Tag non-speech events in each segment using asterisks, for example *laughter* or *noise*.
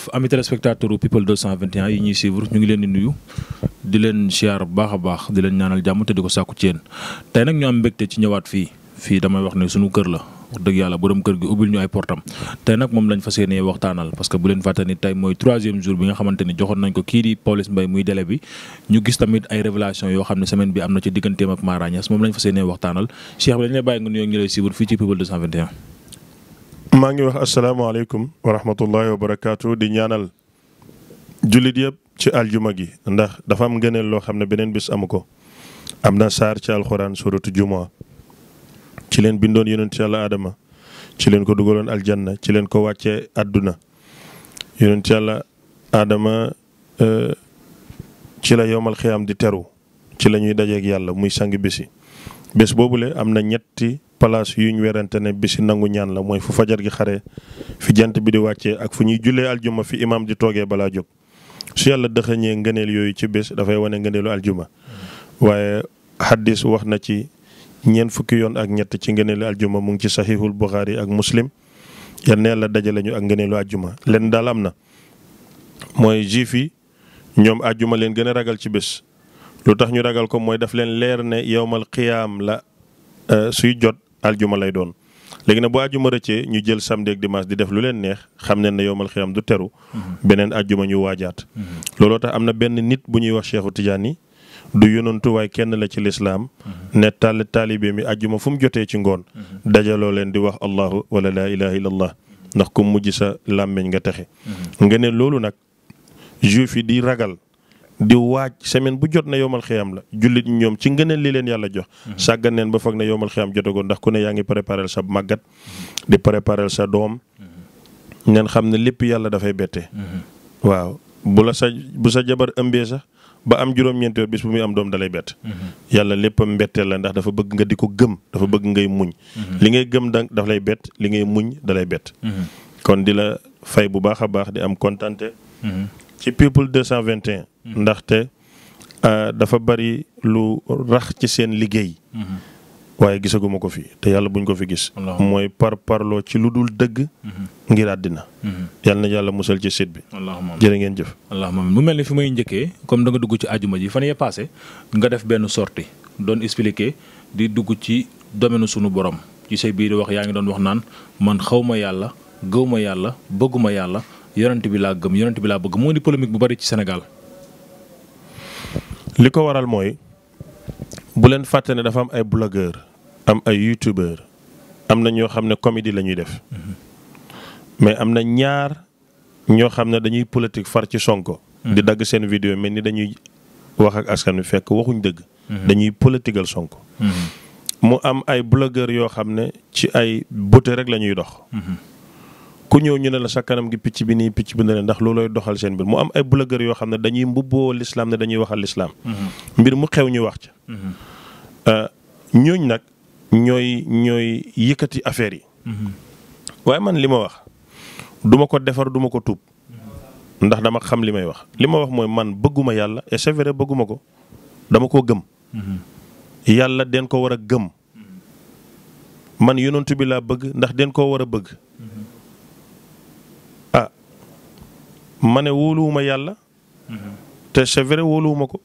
jërëjëf ami téléspectateur people 221 yi ñuy suivre ñu ngi leen di nuyu di leen siyaar bu baax a baax di leen ñaanal jàmm te di ko sàkku ci tey nag ñu am mbégte ci ñëwaat fii fii damay wax ne suñu kër la wax dëgg yàlla borom kër gi ubbil ñu ay portam tey nag moom lañ fas yéenee waxtaanal parce que bu leen fàtte ni tey mooy troisième jour bi nga xamante ni joxoon nañ ko kii di Pawlish Mbaye muy délai bi ñu gis tamit ay révélation yoo xam ne semaine bi am na ci digganteem ak maa ngi wax asalaamaaleykum wa rahmatullahi wa barakaatu di ñaanal jullit yëpp ci aljuma gi ndax dafa am ngëneel loo xam ne beneen bis amu ko am na saar ci alxuraan suratu juma ci leen bindoon yonent yàlla aadama ci leen ko dugaloon aljanna ci leen ko wàccee àdduna yonent yàlla aadama euh, ci la yomal xiyaam di teru ci lañuy ñuy yàlla muy sang bisi bés boobu le am na ñetti place yu ñu werante ne bisi nangu ñaan la mooy fu fajar gi xare fi jant bi di wàccee ak fu ñuy jullee aljuma fi imaam di toogee balaa jóg su yàlla dëxëñee ngëneel yooyu ci bés dafay wane ngëneelu aljuma waaye xaddis wax na ci ñeent fukki yoon ak ñett ci ngëneelu aljuma mu ngi ci saxiixul buxaari ak muslim yan yàlla dajale ñu ak ngëneelu aljuma leen daal am na mooy juif yi ñoom aljuma leen gën a ragal ci bés lu tax ñu ragal ko mooy daf leen leer ne yowmal qiyaam la euh, suy jot aljuma lay doon léegi nag bu àjjuma rëccee ñu jël samedi ak dimanche di def lu leen neex xam ne ne yowmal xiyam du teru mhm. beneen àjjuma ñu waajaat mhm. looloo tax am na benn nit bu ñuy wax Cheikhu Tidiane du yonantu waaye kenn la ci lislaam mhm. ne taal taalibe mi àjjuma fu mu jotee ci ngoon dajaloo leen di wax allahu wala laa ilaha illallah ndax ku mujj sa làmmiñ nga texe nga ne loolu nag juif yi di ragal di waaj semaine bu jot ne yomal xiyam la jullit ñoom ci ngëneel li leen yàlla jox. Mhm. sàggan neen ba foog ne yomal xiyam jotagoon ndax ku ne yaa ngi préparé sa màggat di préparé sa doom. Mhm. ngeen xam ne lépp yàlla dafay bette. Mhm. waaw bu la sa bu sa jabar ëmbee sax ba am juróom-ñeenti bis bu muy am doom dalay bett. yàlla lépp mbetteel la ndax dafa bëgg nga di ko gëm dafa bëgg ngay muñ. li ngay gëm da lay bett li ngay muñ dalay bett. kon di la fay bu baax a baax di am kontante. ci people 221. Mm-hmm. ndaxte euh, dafa bari lu rax ci seen liggéey. Mm-hmm. waaye gisaguma ko fii te yàlla buñ ko fi gis. mooy par parloo ci lu dul dëgg. Mm-hmm. ngir àddina. yàlla na yàlla musal ci site bi. jërë ngeen jëf. allahumma mu mel ni fi may njëkkee comme da nga dugg ci àjuma ji fan yee paase nga def benn sortie doon expliquer di dugg ci domaine sunu borom ci say biir wax yaa ngi doon wax naan man xaw ma yàlla gëw ma yàlla bëggu ma yàlla. yonent bi laa gëm yonent bi laa bëgg moo di polémique bu bari ci Sénégal. li ko waral mooy bu leen fàtte ne dafa am ay blogueur am ay youtubeur am na ñoo xam ne comédie lañuy def mm-hmm. mais am na ñaar ñoo xam ne dañuy politique far ci Sonko. Mm-hmm. di dagg seen vidéo mel ni dañuy wax ak askan wi fekk waxuñ dëgg. Mm-hmm. dañuy politigal sonk mu am ay blogueur yoo xam ne ci ay beauté rek la ñuy dox. ku ñëw ñu ne la sa kanam gi picc bi nii picc bi ne la ndax loolooy doxal seen mbir mu am ay blogueur yoo xam ne dañuy mbubboo lislaam ne dañuy waxal lislaam mm-hmm. mbir mu xew ñu wax ca mm-hmm. ñooñ nag ñooy ñooy yëkkati affaire yi mm-hmm. waaye man li ma wax duma ko defar duma ko tuub ndax dama xam li may wax li ma wax mooy man bëgguma yàlla et c'est bëgguma ko dama koo gëm yàlla den ko war a gëm man yonentu bi laa bëgg ndax den koo war a bëgg ma ne wóoluwuma yàlla. te c'est vrai wóoluwuma ko.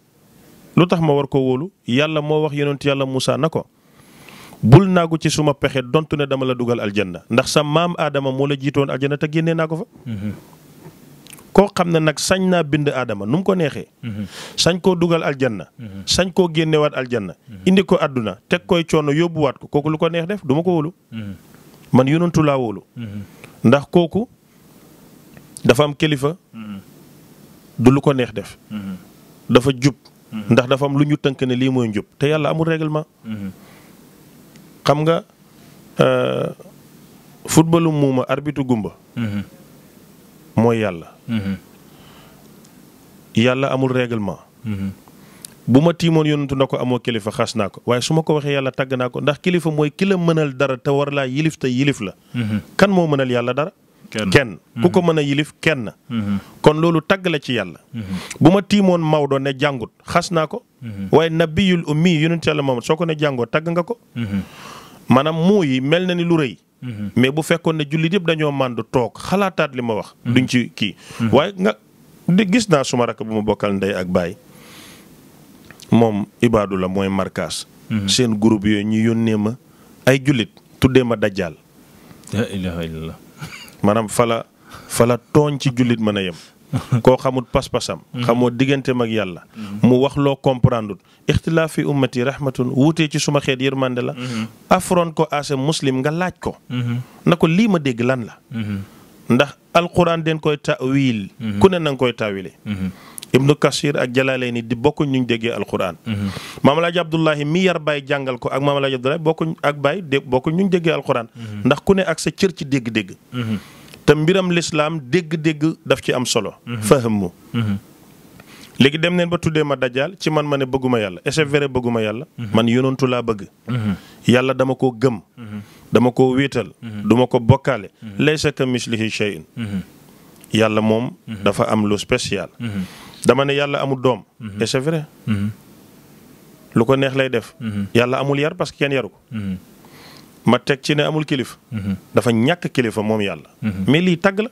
lu tax ma war ko wóolu yàlla moo wax yonent yàlla Moussa na ko bul naagu ci suma pexe dontu ne dama la dugal aljanna ndax sa maam Adama moo la jiitoon aljanna te génnee naa ko fa. koo xam ne nag sañ naa bind aadama nu mu ko neexee. sañ koo dugal aljanna. sañ koo génnewaat aljanna. indi ko àdduna teg koy coono yóbbuwaat ko kooku lu ko neex def duma ma ko wóolu. man yonantu laa wóolu. ndax kooku dafa am kilifa. du lu ko neex def. dafa jub. ndax dafa am lu ñu tënk ne lii mooy jub te yàlla amul règlement. xam nga euh, footballu muuma arbitre gumba. mooy yàlla. yàlla amul règlement. bu ma tiimoon yonentu na ko amoo kilifa xas naa ko waaye su ma ko waxee yàlla tàgg naa ko ndax kilifa mooy ki mënal dara te war laa yilif te yilif la. kan moo mënal yàlla dara. kenn ku ko mën a yilif kenn mhm. kon loolu tagg la ci yàlla mhm. bu ma tiimoon Maodo ne jàngut xas naa ko mhm. waaye nabiyul ummi yonent yàlla Muhammad soo ko ne jàngoo tagg nga ko maanaam muu yi mel na ni lu rëy mais bu fekkoon ne jullit yëpp dañoo màndu toog xalaataat li ma wax duñ ci kii waaye nga gis naa suma rakk bu ma bokkal ndey ak baay moom ibaadu la mooy markaas seen groupe yooyu ñu yónnee ma ay jullit tuddee ma dajjaal maanaam fala fala tooñ ci jullit mën a yem koo xamut pas-pasam mm-hmm. xamoo digganteem ak yàlla mm-hmm. mu wax loo comprendre ixtilaaf fi ummati rahmatun wuutee ci suma xeet yërmande la mm-hmm. affront ko asem muslim nga laaj ko na ko lii ma dégg lan la ndax alquran den koy tawil ku ne nanga koy tawile ibnu kasir ak jalaalayni di bokkuñ ñu déggee alquran mhm. maam alaaji abdullahi mi yar baay jàngal ko ak maam alaaji abdullahi bokkuñ ak baay dé bokkuñ ñu déggee alquran mhm. ndax ku ne ak sa cër ci dégg-dégg mhm. te mbiram lislaam dégg-dégg daf ci am solo fahamu léegi dem neen ba tuddee ma dajaal ci man ma ne bëgguma yàlla est-ce bëgguma yàlla man yonantu laa bëgg yàlla dama ko gëm dama ko wéetal duma ko bokkaale laysa ka mislihi shay'un yàlla moom dafa am lu spécial dama ne yàlla amul doom. Mhm. et vrai. Mhm. lu ko neex lay def. Mhm. yàlla amul yar parce que kenn yaru ko. ma teg ci ne amul kilifa. dafa ñàkk kilifa moom yàlla. mais lii tagg la.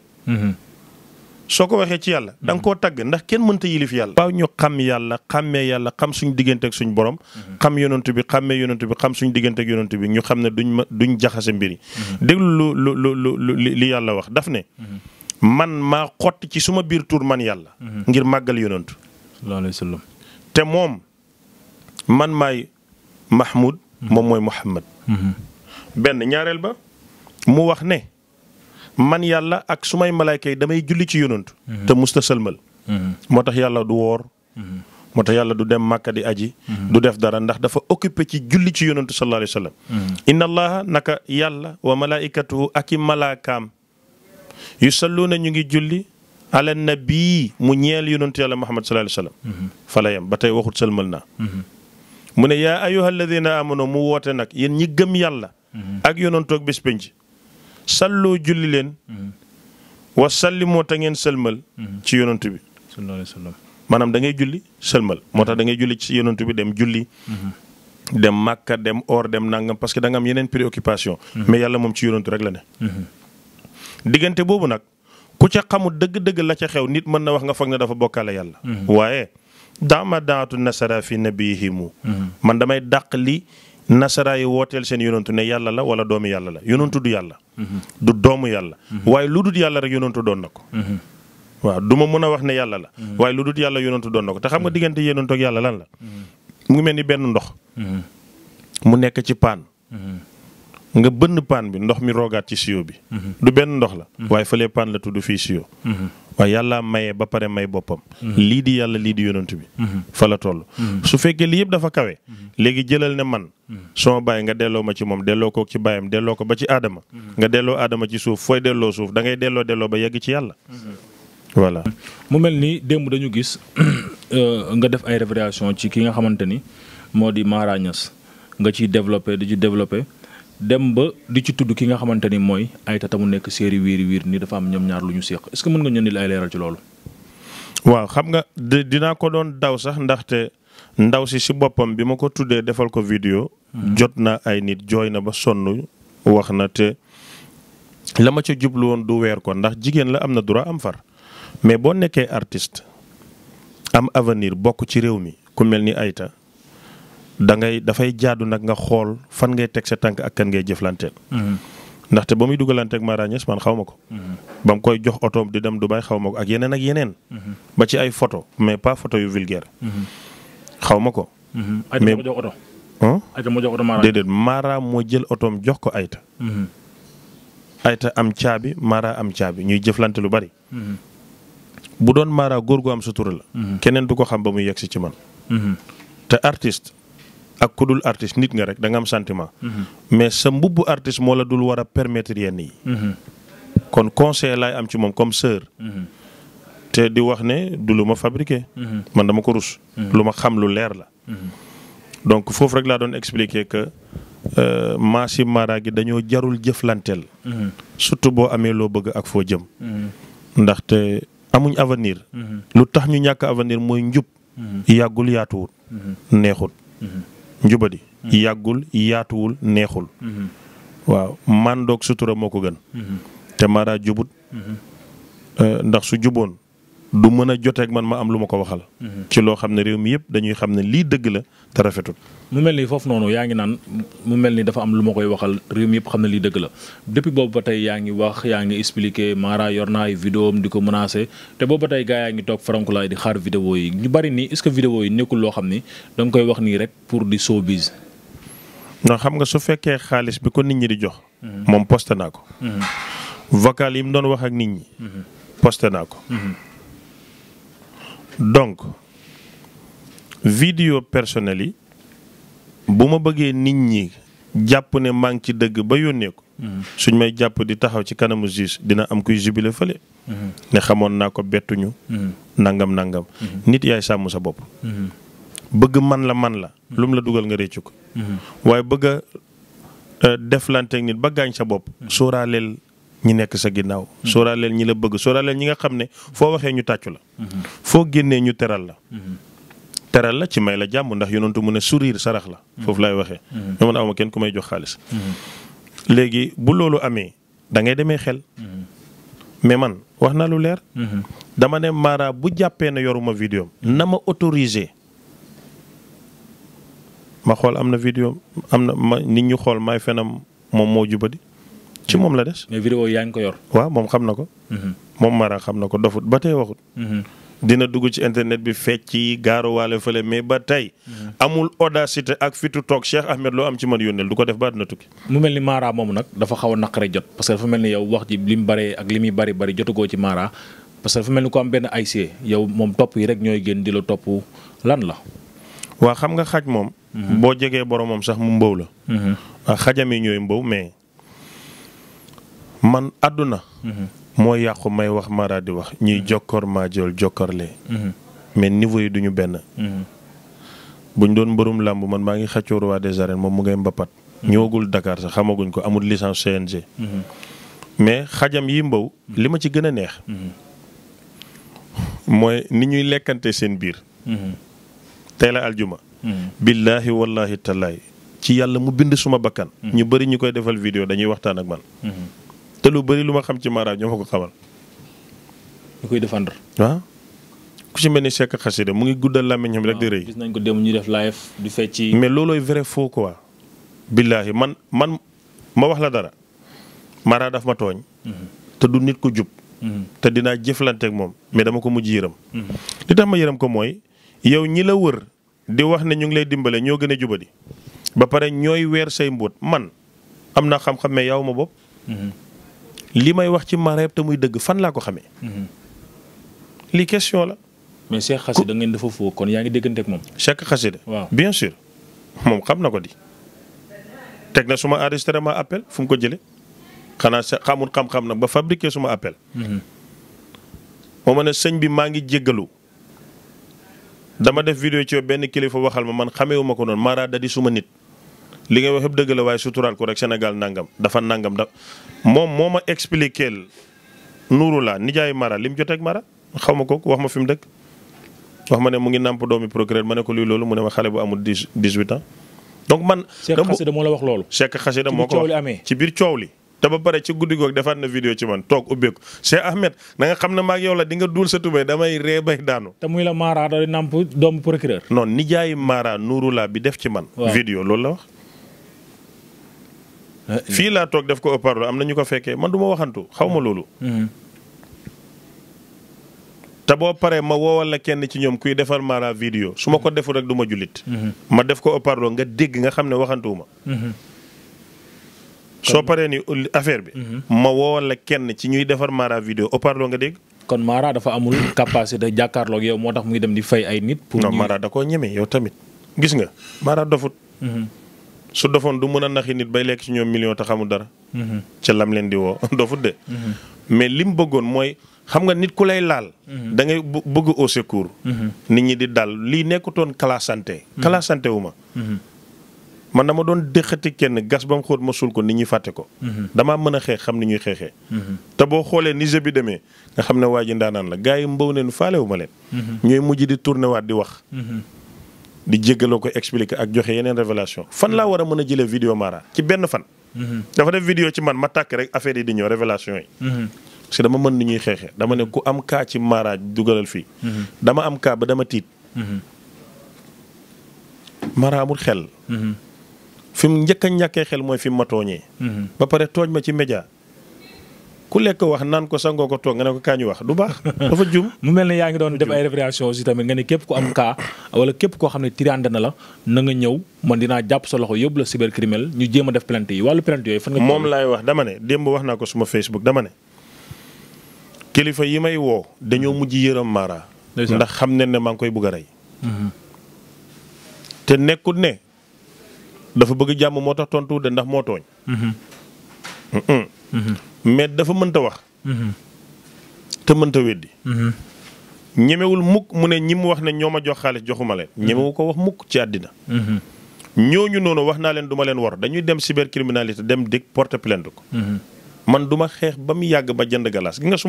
soo ko waxee ci yàlla danga koo tagg ndax kenn mënta yilif yàlla. waaw ñu xam yàlla xàmmee yàlla xam suñ diggante suñ borom. xam yonent bi xàmmee yonent xam suñu diggante ak bi ñu xam ne duñ ma duñ jaxase mbir yi. déglu lu lu lu li yàlla wax daf ne. man ma xott ci suma biir tuur man yàlla. Mhm. ngir màggal yonantu. te moom man maay Mahmoud. Mhm. moom mooy Muhammad. Mhm. benn ñaareel ba mu wax ne man yàlla ak sumay malaayka yi damay julli ci yonantu. te musta sëlmal. moo tax yàlla du woor. moo tax yàlla du dem màkka di aji. du def dara ndax dafa occupé ci julli ci yonantu sallallahu alayhi inna allaha naka yàlla wa malaikatuhu ak i yusalluuna ñu ngi julli ala nabii mu ñeel yonentu yàlla muhammad sallallahu alayhi wa sallam mhm. ba tey waxut sëlmal naa mhm. mu ne yaa ayyuha alladina amanu mu woote nag yéen ñi gëm yàlla mhm. ak yonentoog bés penc salloo julli leen wa sallimoo ta ngeen sëlmal ci yonent bi maanaam da ngay julli sëlmal moo tax da ngay julli ci yonent bi dem julli dem màkka dem or dem nangam parce que da nga am yeneen préoccupation mais yàlla moom ci yonent rek la ne diggante boobu nag ku ca xamul dëgg-dëgg la ca xew nit mën na wax nga foog ne dafa bokkale yàlla. Mhm. waaye daama daatu nasara fi mu mhm. man damay dàq li nasara yi wooteel seen yonantu ne yàlla la wala doomu yàlla la yonantu du yàlla. Mhm. du doomu yàlla. waaye lu dul yàlla rek yonantu doon na ko. waaw du ma mën a wax ne yàlla la. waaye lu dul yàlla yonantu doon na ko te xam nga diggante yonantu ak yàlla lan la. mu ngi mel ni benn ndox. mu nekk ci paan. nga bënn paan bi ndox mi roogaat ci siyo bi. Mhm. du benn ndox la. Mhm. waaye fële paan la tudd fii siyo. Mhm. waaye yàlla maye ba pare may boppam. lii di yàlla lii di yonent bi. fa la toll. su fekkee lii yëpp dafa kawe. léegi jëlal ne man. suma bàyyi nga delloo ma ci moom delloo ko ci bàyyam delloo ko ba ci aadama. nga delloo aadama ci suuf fooy delloo suuf dangay ngay delloo delloo ba yegg ci yàlla. voilà. mu mel ni démb dañu gis *clears throat* euh, nga def ay révélation ci ki nga xamante ni moo di Mara nga ciy développé di ci développé. dem ba di ci tudd ki nga xamante ni mooy ay tata mu nekk séeri wiiri wiir ni dafa am ñoom ñaar lu ñu séq est-ce que mën nga ñëndil ay leeral ci loolu. waaw xam nga dinaa ko doon daw sax ndaxte ndaw si si boppam bi ma ko tuddee defal ko vidéo. Hmm. jot na ay nit jooy na ba sonn wax na te la ma ca jublu woon du weer ko ndax jigéen la am na droit am far mais boo nekkee artist am avenir bokk ci réew mi ku mel ni ayta da ngay dafay jaadu nag nga xool fan ngay teg sa tànk ak kan ngay jëflanteel. Mhm. ndaxte ba muy dugalanteeg Mara Niass man xaw ma ko. Mhm. ba koy jox otoom di dem Dubai xaw ma ko ak yeneen ak yeneen. Mhm. ba ci ay photo mais pas photo yu vulgaire. xaw ma ko. mais Aïta moo jox oto Mara déedéet Mara moo jël otoom jox ko Aïta. Aïta am caabi Mara am caabi ñuy jëflante lu bari. bu doon Mara góor gu am sutura la. keneen du ko xam ba muy yegsi ci man. te artiste ak ku dul artiste nit nga rek da nga sentiment. Mhm. mais sa mbubbu artiste moo la dul war a permettre yenn yi. Mhm. kon conseil laay am ci moom comme sœur. Mhm. te di wax ne du lu ma fabriqué. man dama ko rus. lu ma xam lu leer la. donc foofu rek la don expliquer que euh, maasi mara gi dañoo jarul jëflanteel. surtout boo amee loo bëgg ak foo jëm. ndaxte amuñ avenir. lu tax ñu ñàkk avenir mooy njub. yàggul yaatuwut neexut. njubadi yàggul yaatuwul neexul waaw màndoog sutura moo ko gën te Mara jubut euh, ndax su juboon du mën a joteeg man ma am lu ma ko waxal ci loo xam ne réew mi yëpp dañuy xam ne lii dëgg la te rafetul. mu mel ni foofu noonu yaa ngi naan mu mel ni dafa am lu ma koy waxal réew mi yëpp xam ne lii dëgg la depuis boobu ba tey yaa ngi wax yaa ngi expliqué Mara yor na ay vidéo am di ko menacé te booba ba gaa yaa ngi toog farankulaa di xaar vidéo yi ñu bari nii est ce que vidéo yi nekkul loo xam ni da nga koy wax nii rek pour di showbiz. non xam nga su fekkee xaalis bi ko nit ñi di jox. Mhm. moom posté naa ko. Mhm. vocal yi mu doon wax ak nit ñi. Mhm. posté naa vidéo personnel yi bu ma bëggee nit ñi jàpp ne maa ngi ci dëgg ba yónnee ko. suñ may jàpp di taxaw ci kanamu juge dina am kuy jubile fële. ne xamoon naa ko bettuñu. nangam nangam. nit yaay sàmm sa bopp. bëgg man la man la. lum la dugal nga réccu ko. waaye bëgg a e, deflanteeg nit ba gaañ sa bopp. sóoraaleel ñi nekk sa ginnaaw. sóoraaleel ñi la bëgg sóoraaleel ñi nga xam ne foo waxee ñu tàccu la. foo génnee ñu teral la. teral la ci may la jàmm ndax yonantu mu ne sourire sarax la. Mm-hmm. foofu laay waxee. mais mm-hmm. man awma kenn ku may jox xaalis. Mm-hmm. léegi bu loolu amee da ngay demee xel. mais man wax naa lu leer. dama ne Mara bu jàppee ne yoruma vidéo na ma autorisé. ma xool am na vidéo am na ma nit ñu xool may fenam moom moo jubadi ci moom la des. mais vidéo yaa ngi ko yor. waaw moom xam na ko. moom Mara xam na ko dofut ba tey waxut. dina dugg ci internet bi fecc yi gaaruwaale fële mais ba tey. amul audacité ak fitu toog Cheikh Ahmed loo am ci man yónneel du ko def ba dina tukki. mu mel ni Mara moom nag dafa xaw a naqare jot parce que dafa mel ni yow wax ji li mu bëree ak li muy bëri bëri jotugoo ci Mara parce que dafa mel ni ko am benn ayisee yow moom topp yi rek ñooy génn di la topp lan la. waa xam nga xaj moom. Mhm. boo jegee boromam sax mu mbow la. Mhm. xajam yi ñooy mbow mais man àdduna. Mhm. moo yàqu may wax mara wax ñuy jokkoor maa jokkoorle mhm. mais niveau yi duñu benn mhm. buñ doon mbërum làmb man maa ngi xëccoo roi des arènes moom mu ngay mbapat mhm. ñëwagul Dakar sax xamaguñ ko amul licence CNG mais xajam yi mbaw li ma ci gën a neex mooy ni ñuy lekkante seen biir tey la aljuma billaahi wallaahi tallaay ci yàlla mu bind suma bakkan ñu bari ñu koy defal vidéo dañuy waxtaan ak man te lu bari lu ma xam ci maraaj ñoo ko xamal. koy défendre. waaw ku mu ngi guddal làmmiñam rek di rëy. gis nañ ko dem ñu def live di fecc. mais loolooy vrai faux quoi. billaahi man man ma wax la dara. mara daf ma tooñ. Mhm. te du nit ko jub. Mhm. te dinaa jëflanteek moom mais dama ko mujj yërëm. Mhm. li tax ma yërëm ko mooy yow ñi la wër di wax ne ñu ngi lay dimbale ñoo gën a jubadi ba pare ñooy weer say mbóot man am naa xam-xam mais yow ma bopp. li may wax ci Mareeb te muy dëgg fan laa ko xamee. Mhm. li question la. mais Cheikh Xasida ngeen dafa foo kon yaa ngi déggante ak moom. Cheikh Xasida. waaw bien sûr moom xam na ko di. teg na suma enregistrement appel fu mu ko jëlee xanaa sa xamul xam-xam na ba fabriqué suma appel. Mhm. moo ma ne sëñ bi maa ngi jéggalu dama def vidéo ci benn kilifa waxal ma man xamewuma ko noonu Mara da di suma nit. li ngay wax yëpp dëgg la waaye suturaal ko rek Sénégal nangam dafa nangam da moom moo ma expliqué nuuru laa nijaay Mara li mu jotee Mara xaw ma ko wax ma fi mu dëkk wax ma ne mu ngi nàmp doomi procureur ma ne ko luy loolu mu ne ma xale bu amul dix dix huit man. Cheikh Xasida moo la wax loolu. Cheikh Xasida moo ko wax ci biir coow li te ba pare ci guddi googu defaat na vidéo ci man toog ubbeeku Cheikh Ahmed na nga xam ne maag yow la di duul sa tubéy damay ree bay te muy la Mara da di nàmp doomu procureur. non nijaayu nuuru laa bi def ci man. vidéo loolu la wax. Ah, fii laa toog def ko ëpparlo am na ñu ko fekkee man du ma waxantu xaw ma loolu. Mm-hmm. te boo paree ma woowal la kenn ci ñoom kuy defar Mara vidéo su ma ko mm-hmm. deful rek du ma jullit. Mm-hmm. ma def ko ëpparlo nga dégg nga xam ne waxantuwuma. soo paree ni affaire bi. ma woowal la kenn ci ñuy defar Mara vidéo ëpparlo nga dégg. kon Mara dafa amul *coughs* capacité jàkkaarloog yow moo tax mu ngi dem di fay ay nit. pour non Mara da koo ñeme yow tamit gis nga Mara dofut. su dofoon du mën a naxi nit bay lekk ci ñoom million te xamul dara. Mhm. ca lam leen di woo *laughs* dofut de. Mhm. mais li mu bëggoon mooy xam nga nit ku lay laal. Mhm. da ngay bëgg au secours. nit ñi di dal lii nekkutoon classante. classante ma. man dama doon dëxati kenn gas ba mu ma suul ko nit ñi fàtte ko. damaa mën a xeex xam ni ñuy xeexee. te boo xoolee ni jeu bi demee nga xam ne waa ji ndaanaan la gars yi mbaw neen faalewu ma leen. ñooy mujj di tourné di wax. di jéggaloo ko expliquer ak joxe yeneen révélation fan laa war a mën a jëlee vidéo Mara ci benn fan. dafa def vidéo ci man ma tàkk rek affaire yi di ñëw révélation yi. parce que dama mën ni ñuy dama ne ku am kaa ci Mara dugalal fii. dama am kaa ba dama tiit. Mara amul xel. fi mu njëkk a xel mooy fi mu ma tooñee. ba pare tooñ ma ci média ku lekk wax naan ko sangoo ko toog nga ne ko kaa ñu wax du baax. dafa jum *laughs* mu mel ne yaa ngi doon def ay révélation aussi tamit nga ne képp wala képp koo xam ne tirande na la na nga ñëw man dinaa jàpp sa loxo yóbbu la cybercriminel ñu jéem def plainte yi wàllu plainte yooyu fan nga moom laay wax dama ne démb wax naa ko suma Facebook dama ne kilifa yi may woo dañoo mm-hmm. mujj yërëm Mara. ndax xam ne ne maa koy bugg a rey. Mm-hmm. te nekkut ne dafa bëgg jàmm moo tax tontu de ndax moo tooñ. Mm-hmm. mais dafa mënta wax. te mënta weddi. ñemewul mukk mu ne ñi mu wax ne ñoo ma jox xaalis joxuma leen mhm. ñemewu ko wax mukk ci àddina mhm. ñooñu noonu wax naa leen duma ma leen wor dañuy dem cybercriminalité dem dik porte plainte ko mhm. man du ma xeex ba mu yàgg ba jënd galaas gi nga su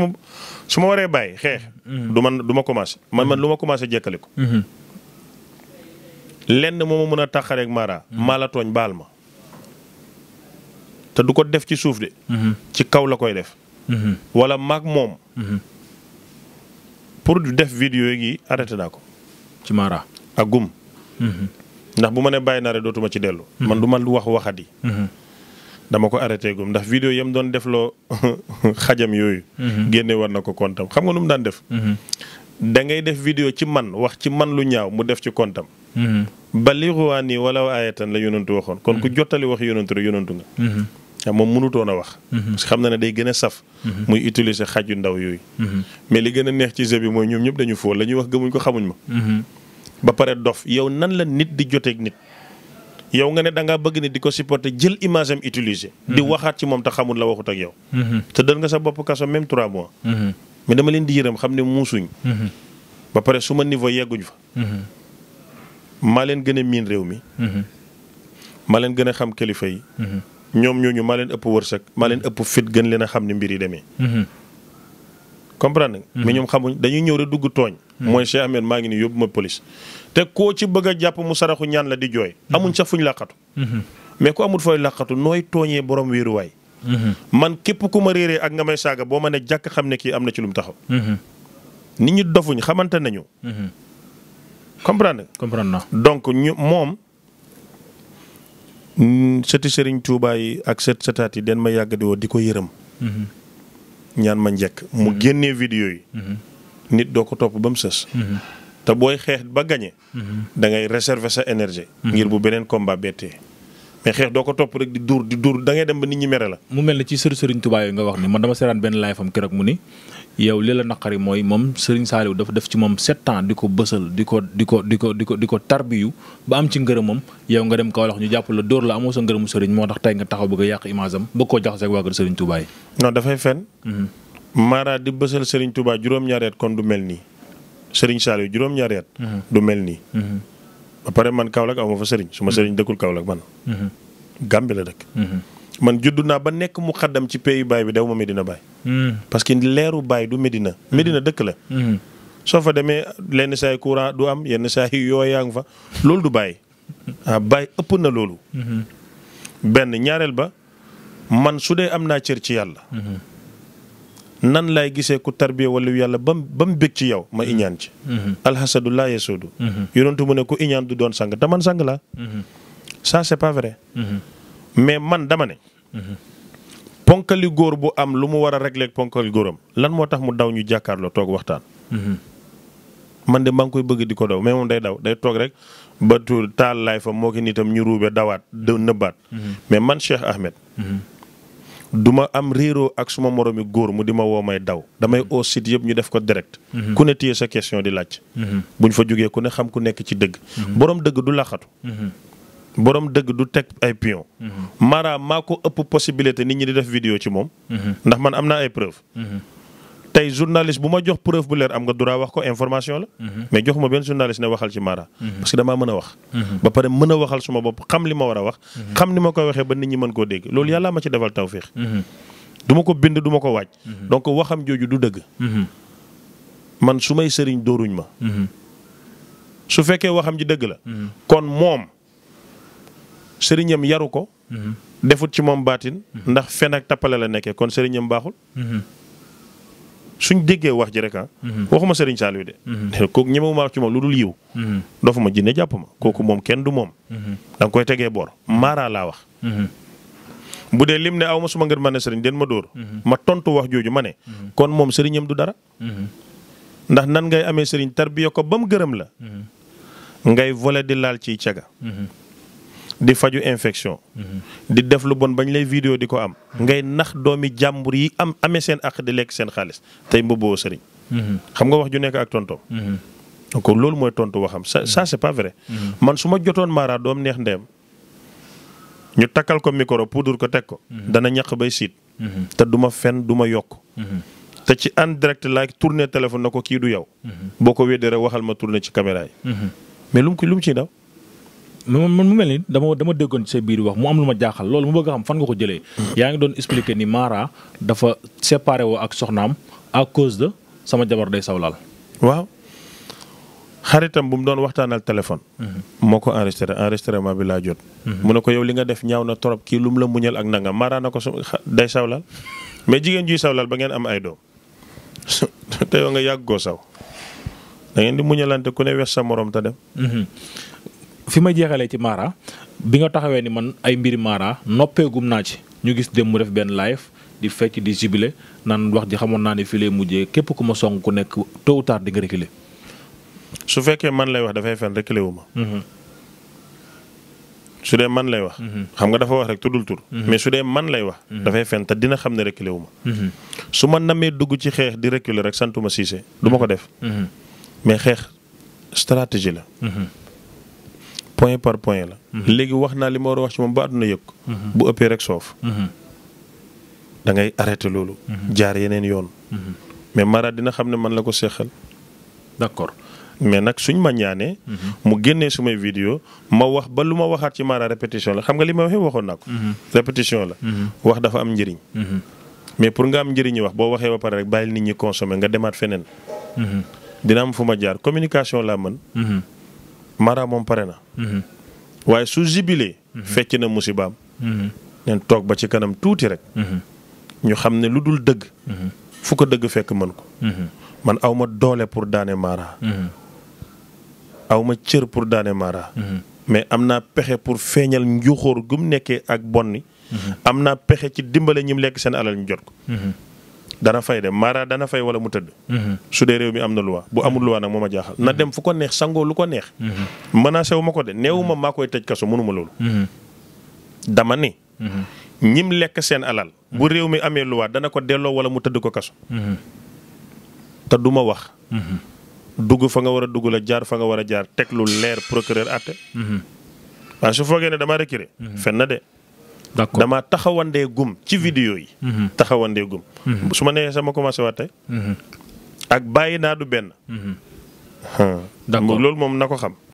su ma waree bàyyi xeex du man du ma commencé man man lu ma commencé jekkale ko lenn moo ma mën a tàqareeg maara maa la tooñ baal ma te du ko def ci suuf de ci kaw la koy def walla maag moom pour def vidéo yi arrêté naa ko. ci Mara. ak Gum. Mhm. ndax bu ma ne bàyyi naa rek dootuma ci dellu. Mhm. man du ma lu wax waxati. Mhm. dama ko arrêté gum ndax vidéo yam doon def loo *laughs* xajam yooyu. génne war na ko kontam xam nga nu mu daan def. da ngay def vidéo ci man wax ci man lu ñaaw mu def ci kontam. ba li ruwaan nii wala ayatan la yonantu waxoon. kon ku jottali wax yonantu rek yonantu nga. moom mënutoon a wax. Mhm. parce que xam na ne day gën a saf. Mhm. muy utiliser xaj yu ndaw yooyu. Mhm. mais li gën a neex ci jeu bi mooy ñoom ñëpp dañu fóol la ñuy wax gëmuñ ko xamuñ ma. ba pare dof yow nan la nit di joteeg nit. yow nga ne da bëgg ne di ko supporter jël image am utiliser. di waxaat ci moom te xamul la waxut ak yow. te doon nga sa bopp kaso même trois mois. mais dama leen di yërëm xam ne muusuñ. ba pare su ma niveau yegguñ fa. maa leen gën a a xam kilifa yi. ñoom ñooñu maa leen ëpp wërsëg maa leen ëpp fit gën leen a xam ni mbir yi demee. Mm-hmm. comprendre nga. mais mm-hmm. ñoom xamuñ dañuy ñëw rek dugg tooñ. Mm-hmm. mooy Cheikh Ahmed maa ngi nii yóbbu police. te koo ci bëgg a jàpp mu saraxu ñaan la di jooy. amuñ sax fuñ làqatu. mais ku amul fooy làqatu nooy tooñee borom wéeruwaay. man képp ku ma réeree ak nga may saaga boo ma ne jàkk xam ne kii am na ci lu mu taxaw. nit ñi dofuñ xamante nañu. comprendre comprendre donc moom Mm, sëti sëriñ Touba yi ak sët sëtaat yi den ma yàgg di woo di ko yërëm. Mhm. ñaan ma njekk mu mhm. génnee vidéo yi. Mhm. nit doo ko topp ba mu sës. te booy xeex ba gañe da ngay réserver sa énergie. ngir bu beneen combat bettee. mais xeex doo ko topp rek di duur di duur da dem ba nit ñi mere la. mu mel ne ci sëriñ sëriñ Touba yooyu nga wax ni man dama seeraan benn live am keroog mu ni yow li la naqari mooy moom Serigne Saliou dafa def ci moom sept ans di ko bësal di ko di ko di ko di ko tarbiyu ba am ci ngërëmam yow nga dem Kaolack ñu jàpp la dóor la amoo sa ngërëmu Serigne moo tax tey nga taxaw bëgg a yàq image am bëgg koo jaxaseeg waa kër Serigne Touba yi. non dafay fen mm-hmm. Mara di bësal Serigne Touba juróom-ñaareet kon du mel nii Serigne mm-hmm. mm-hmm. ba pare man Kaolack aw ma fa Serigne su ma Serigne dëkkul Kaolack man. Gàmbi la dëkk. man juddu naa ba nekk mu bi dew Hmm. parce que leeru baay du Medina. Hmm. Medina dëkk la. Hmm. soo fa demee lenn saay courant du am yenn saay *laughs* yoo yaa ngi fa loolu du bàyyi ah, bàyyi ëpp na loolu. benn ñaareel ba man su dee am naa cër ci yàlla. nan laay gisee ku tarbiya wala yàlla ba mu ba ci yow ma iñaan ci. alxasadu laa yasuudu. yonentu mu ne ku iñaan du doon sang te man sang laa. mais man dama ne. ponkali góor bu am lu mu war a régler ponkali góoram lan moo tax mu daw ñu jàkkaarloo toog waxtaan. Mhm. man de maa ngi koy bëgg di ko daw mais moom day daw day toog rek ba tu taal laay fa moo ki nitam ñu ruube dawaat de nëbbaat. Mhm. mais man Cheikh Ahmed. Mhm. du ma am réeroo ak su suma moromi góor mu di ma woo may daw damay oo yëpp ñu def ko direct. ku ne téye sa question di laaj. buñ fa jógee ku ne xam ku nekk ci dëgg. boroom dëgg du laxatu. borom dëgg du teg ay pion. Mhm. maanaam maa ko ëpp possibilité nit ñi di def vidéo ci moom. Mhm. ndax man am naa ay preuve. Mhm. tey journaliste bu ma jox preuve bu leer am nga droit wax ko information la. mais jox ma benn journaliste ne waxal ci Mara. parce que damaa mën a wax. ba pare mën a waxal suma bopp xam li ma war a wax. xam ni ma ko waxee ba nit ñi man koo dégg loolu yàlla ma ci defal tawféex. du ko bind du ko waaj. donc waxam jooju du dëgg. man su may sëriñ dóoruñ ma. su fekkee waxam ji dëgg la. kon sëriñam yaru ko. Mhm. defut ci moom baatin. Mhm. ndax fen ak tappale la nekkee kon sëriñam baaxul. Mhm. suñ déggee wax ji rek ah. waxuma Serigne Saliou de. *laughs* kooku ñemewuma wax ci moom lu dul yiw. dofu ma jinne jàpp ma kooku moom kenn du moom. da nga koy tegee boor maaraa laa wax. bu dee lim ne aw ma suma ngeen ma ne Serigne den ma dóor. ma tontu wax jooju ma ne. kon moom Serignam du dara. ndax nan ngay amee Serigne tarbiya ko ba mu gërëm la. ngay volé di laal ciy caga. di faju infection. di def lu bon bañ lay vidéo di ko am. ngay nax doomi jàmbur yi am amee seen àq di lekk seen xaalis tey mbubboo sëriñ. xam nga wax ju nekk ak tontoom. donc loolu mooy tontu waxam ça ça c'est pas vrai. man su ma jotoon maara doom neex ndeem ñu takkal ko micro poudre ko teg ko. dana ñaq bay siit. te du ma fen du ma yokk. te ci en direct laaj tourner téléphone na ko kii du yow. boo ko weddee rek waxal ma tourner ci caméra yi. mais lu mu ko lu mais man mu mel ni dama dama déggoon ci sa biir wax mu am lu ma jaaxal loolu mu bëgg xam fan nga ko jëlee. Hmm. yaa ngi doon expliquer ni Mara dafa séparé ak soxnaam à cause de sama jabar day sawlaal. waaw xaritam bu mu doon waxtaanal téléphone. Hmm. moo ko enregistré enregistrement bi laa jot. Hmm. mu ne ko yow li nga def ñaaw na trop kii lu mu la muñal ak nangam Mara na ko day sawlaal mais jigéen juy sawlaal ba ngeen am ay doom te yow nga yàgg koo saw da ngeen di muñalante ku ne wees sa morom fi may jeexalee ci Mara bi nga taxawee ni man ay mbiri Mara noppeegum naa ci ñu gis dem mu def benn live di fecc di jubilé naan wax ji xamoon naa ne fii lay mujjee képp ku ma song ku nekk tôt ou tard di nga su fekkee man lay wax dafay fen reculer wu ma. Mhm. su dee man lay wax. Mhm. xam nga dafa wax rek tuddul tur. Mhm. su dee man lay wax. dafay fen te dina xam ne reculer wu ma. su ma namee dugg ci xeex di reculer rek santuma Cissé du ma ko def. mais xeex stratégie la. point par point la. Mhm. léegi wax naa li ma war a wax ci moom ba àdduna yëg. Mhm. bu ëppee rek soof. Mhm. da ngay arrêté loolu. jaar yeneen yoon. mais Mara dina xam ne man la ko seexal. d'accord mais nag suñ ma ñaanee. mu génnee sumay vidéo ma wax ba lu ma waxaat ci Mara répétition la xam nga li ma waxee waxoon naa ko. répétition la. wax dafa am njëriñ. mais pour nga am njëriñ wax boo waxee ba pare rek bàyyil nit ñi consommer nga demaat feneen. dina am fu ma jaar communication laa mara moom pare na. Mhm. waaye su jubilee. Mhm. fecc na musibaam. Mhm. neen toog ba ci kanam tuuti rek. ñu xam ne lu dul dëgg. fu ko dëgg fekk mën ko. man aw ma doole pour daane mara. aw ma cër pour daane mara. mais am naa pexe pour feeñal njuxóor gum nekkee ak bonni. am naa pexe ci dimbale ñim lekk seen alal ñu jot ko. dana fay de maara dana fay wala mu tëdd. Mhm. su dee réew mi am na loi bu amul loi nag moo ma jaaxal na dem fu ko neex sangoo lu ko neex. Mhm. menacé wu ko de néew ma maa koy tëj kaso mënu loolu. Mhm. dama ni. ñim lekk seen alal. bu réew mi amee loi dana ko delloo wala mu tëdd ko kaso. te ma wax. dugg fa nga war a dugg la jaar fa nga war a jaar teg lu leer procureur àtte. waaye ah, su foogee ne dama reculer. fen na de. d'accord dama taxawandee gum ci vidéo yi. Mm-hmm. taxawandee gum. Mm-hmm. su ma nee sama commencé waat tey. Mm-hmm. ak bàyyi naa du benn. d'accord loolu moom na ko xam.